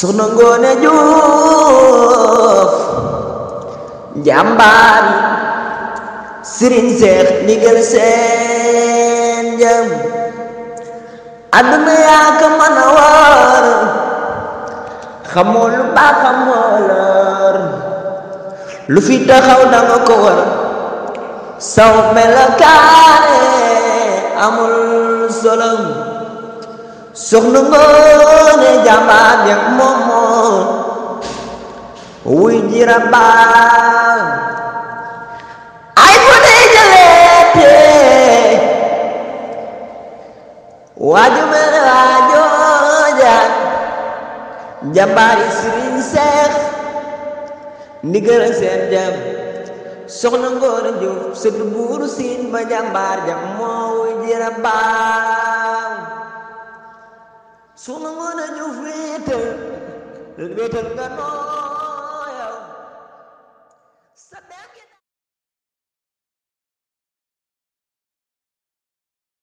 soxna Ngoone Juuf njàmbaari Sëriñ Seex ndigal seen jëm àdduna yaa ko mën a war xamoo lu baax xamoo lor lu fi taxaw danga ko war saw melokaane amul solo soxna Ngoone iramba ay fode jalete waju mere wajo ja jambari sirin seex ndigal seen jam soxna ngor juuf sëdd buuru siin ba jàmbaar jam moowu jiramba soxna ngor juuf wéetal wéetal kan, nga oh. noonu